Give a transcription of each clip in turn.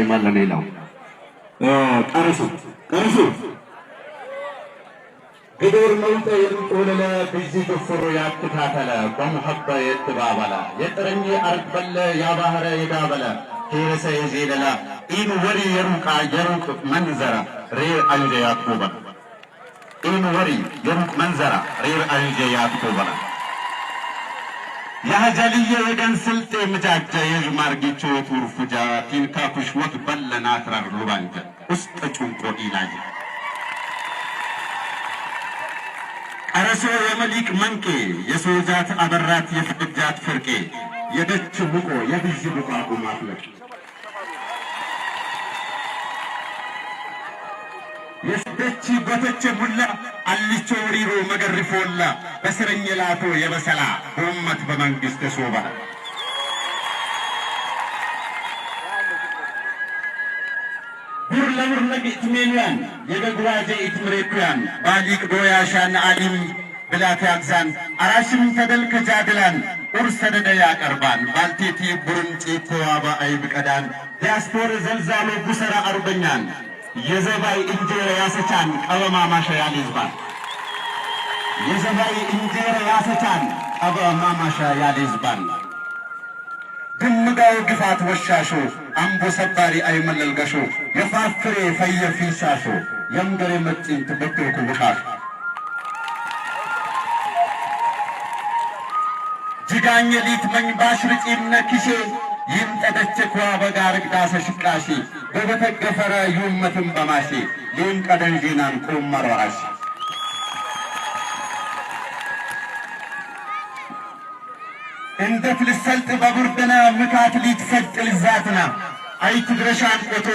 ይማለ ሌላው ቀርሱ ቀርሱ ግዱር መውጠ የምጦለለ ብዚ ግፍሩ ያትታተለ በሙሐበ የትባበለ የጥረኝ አርቅበለ ያባህረ የዳበለ ሄረሰ የዜለላ ኢን ወሪ የሩቃ የሩቅ መንዘራ ሬር አዩደ ያትቦበለ ኢን ወሪ የሩቅ መንዘራ ሬር አዩደ ያትቦበለ ያጀልየ የገን ስልጤ ምጃጀ የዥማርጊቾ ቱርፉጃ ቲንካኩሽወት በለና አትራር ሉባንጀ ውስጥ ጩንቆ ኢላጅ ቀረሶ የመሊቅ መንቄ የሶጃት አበራት የፍቅጃት ፍርቄ የደች ቡቆ የብዥ ቡቃ ማፍለቅ ደቺ በተቸ ቡላ አልቾ ወሪሮ መገሪፎላ በስረኝ ላቶ የበሰላ ሆመት በመንግስት ሶባ ለሙርለግ ኢትሜንያን የደጉራጀ ኢትምሬኩያን ባሊቅ ዶያሻን አሊም ብላት ያግዛን አራሽም ተደል ከጃድላን ቁርስ ተደደ ያቀርባን ባልቴቲ ቡርን ጭኮዋባ አይብቀዳን ዲያስፖር ዘልዛሎ ጉሰራ አርበኛን የዘባይ እንጀራ ያሰቻን ቀበማ ማሻያ ይዝባል የዘባይ እንጀራ ያሰቻን ቀበማ ማሻያ ይዝባል ድምዳው ግፋት ወሻሾ አምቦ ሰባሪ አይመለልገሾ የፋፍሬ ፈየፊሻሾ የምገሬ መጥን ትበክርኩ ውሻሾ ጅጋኘ ሊት መኝባሽ ርጪምነ ኪሼ ይምጠደችኳ በጋርግ ዳሰ ሽቃሺ በበተገፈረ ይውመትን በማሺ ሊንቀደን ዜናን ቁመሮ አሺ እንደ ፍልሰልጥ ምካት ሊትሰጥል ዛትና አይትድረሻን ቆቶ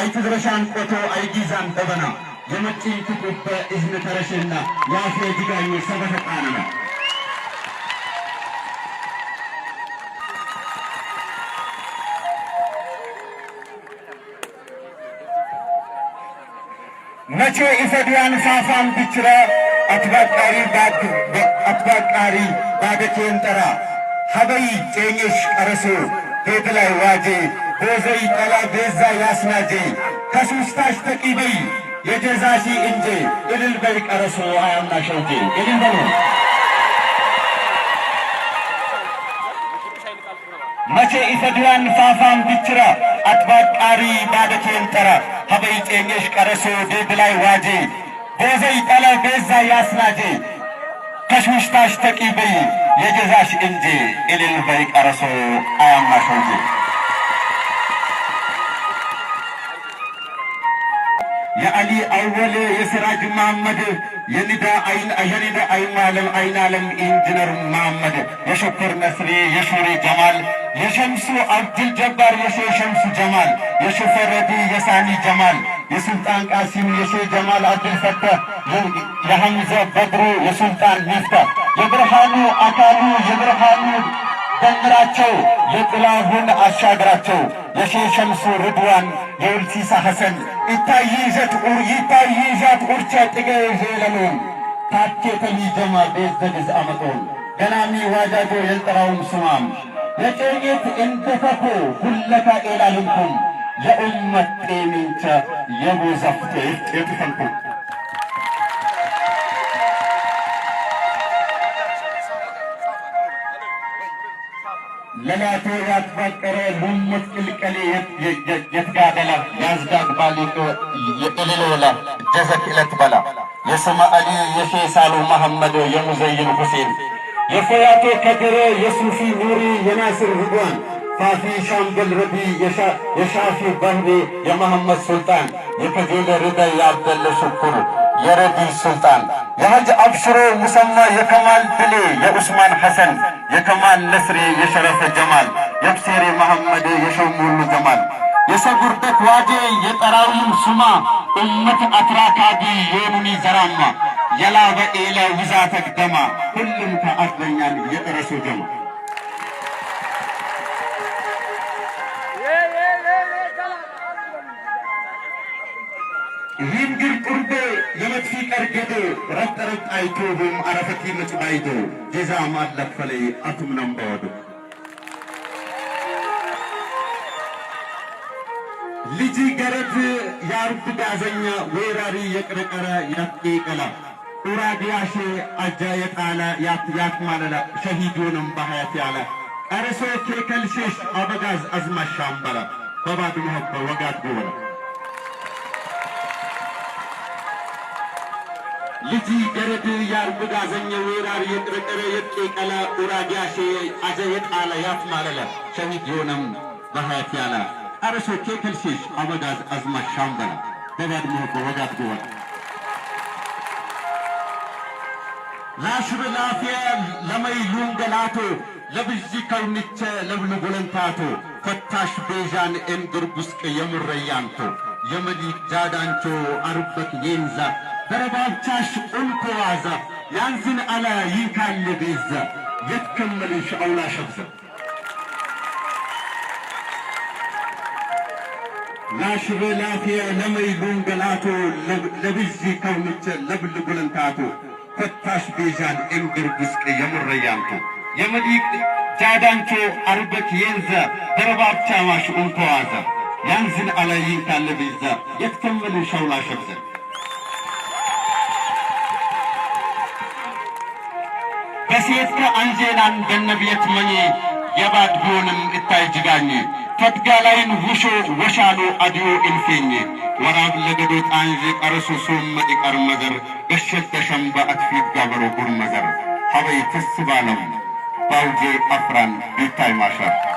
አይትድረሻን ቆቶ አይጊዛን ጠበና የመጪን ትቁበ እዝነ ተረሸና ያፌ ዲጋኝ ሰበተቃና बचे इस अभियान साफान पिछड़ा अथवाकारी बाद अथवाकारी बाद चेंतरा हवाई चेंगिश अरसो तेतला वाजे बोजई कला देजा यासनाजे कसुस्ताश्तकी बई የጀዛሲ እንጂ እልል በል ቀረሶ አያምና ሸውቴ እልል በሉ መቼ ኢፈድያን ፋፋም ብችራ አጥባቃሪ ባደቴን ጠራ ተበይጤኝሽ ቀረሶ ዴብላይ ዋጄ ቦዘይ ጠለ ቤዛ ያስናጄ ከሽምሽታሽ ተቂበይ የገዛሽ እንጂ እልል በይ ቀረሶ አያማሽ የአሊ አወል የሰራጅ መሐመድ የኒዳ አይናለም አይናለም ኢንጂነር መሐመድ የሾፈር ነስሬ የሾሬ ጀማል የሸምሱ አብድል ጀባር የሾ ሸምሱ ጀማል የሾፈረዲ የሳኒ ጀማል የሱልጣን ቃሲም የሾ ጀማል አብድል ፈተ የሐምዘ በድሩ የሱልጣን ሚፍታ የብርሃኑ አካሉ የብርሃኑ ደምራቸው የጥላሁን አሻግራቸው የሼሸምሱ ርድዋን የኡልሲሳ ሐሰን ኢታይዘት ይዘት ኡር ይታይ ይዛት ኡርቻ ጥገ ዘለሉ ታቴ ተሊ ጀማ ቤት አመጦን ገናሚ ዋጃጆ የልጠራውም ስማም ለጨውጌት እንደፈኮ ሁለታ ኤላልንኩም የኡመት ጤሚንቸ የቦዛፍቴ የጥፈልኩም ለላቴ ያትፈቀረ ሙሙት ቅልቀሌ የትጋደለ ያዝዳግ ባሊቶ ደዘክ እለት በላ የስመ አሊ የፌሳሉ መሐመዶ የሙዘይን ሁሴን የፎያቴ ከድሬ የሱፊ ኑሪ የናስር ርጓን ፋፊ ሻምበል ረቢ የሻፊ ባህሬ የመሐመድ ሱልጣን የከጀለ ርዳ የአብደለ ሽኩሩ የረቢ ሱልጣን የሀጅ አብሽሮ ሙሰማ የከማል ድሌ የኡስማን ሐሰን የከማል ነስሬ የሸረፈ ጀማል የብሴሬ መሐመድ የሸሙሉ ጀማል የሰጉርበት ዋዴ የጠራውን ሱማ እመት አትራካቢ የኑኒ ዘራማ የላበ ኤለ ውዛተክ ደማ ሁሉም ተአርበኛል የጠረሱ ደማ ይህን ግር ቁርቤ የመጥፊ ቀርገድ ረፍጠረቅ አይቶቡም አረፈኪ ምጭባይቶ ጌዛ ማለፈለ አቱም ነምበወዱ ልጅ ገረት የአርብ ጋዘኛ ወራሪ የቅረቀረ ያጤ ቀላ ኡራዲያሼ አጃ የጣላ ያት ማለላ ሸሂዶንም ባህያት ያለ ቀረሶ ኬከልሽሽ አበጋዝ አዝማሻምበላ በባድ መሆበ ወጋት ጎበላ ልጅ ገረድ ያርብድ አዘኘ ወራር የቅረቀረ የቄቀለ ኡራዲያሼ አዘ የጣለ ያት ማለለ ሸዊት የሆነም በሀያት ያለ አረሶ ኬከልሽሽ አበጋዝ አዝማች ሻምበላ ደጋድሞ በወጋት ጎወል ላሽር ላፊያ ለመይ ሉንገላቶ ለብዚ ከውንቸ ለብሉ ጎለንታቶ ፈታሽ ቤዣን ኤንግርጉስቅ የሙረያንቶ የመሊክ ዳዳንቾ አርበት ኔንዛ በረባቻሽ ዑልኩ ዋዛ ያንዝን አላ ይካል ቤዛ የትከመልሽ አውላ ሸብዘ ላሽበ ላፊያ ለመይ ጉንገላቶ ለብዚ ከውንቸ ለብል ጉልንታቶ ፈታሽ ቤዣን እንግር ብስቅ የምረያንቶ የመዲቅ ጃዳንቾ አርበክ የንዘ በረባብቻ ማሽ ዑልኩ ዋዛ ያንዝን አላ ይካል ቤዛ የትከመልሽ አውላ ሸብዘ በሴት አንጄላን ደነብየት መኝ የባድ ቢሆንም እታይ ጅጋኝ ተድጋላይን ውሾ ወሻሎ አድዮ እንፌኝ ወራብ ለገዶ ጣንዥ ቀረሱ ሶመ ይቀር መዘር በሸተ ሸምባ አትፊት ጋበሮ ጉር መዘር ሀበይ ትስ ባለም ባውጄ አፍራን ቢታይ ማሻር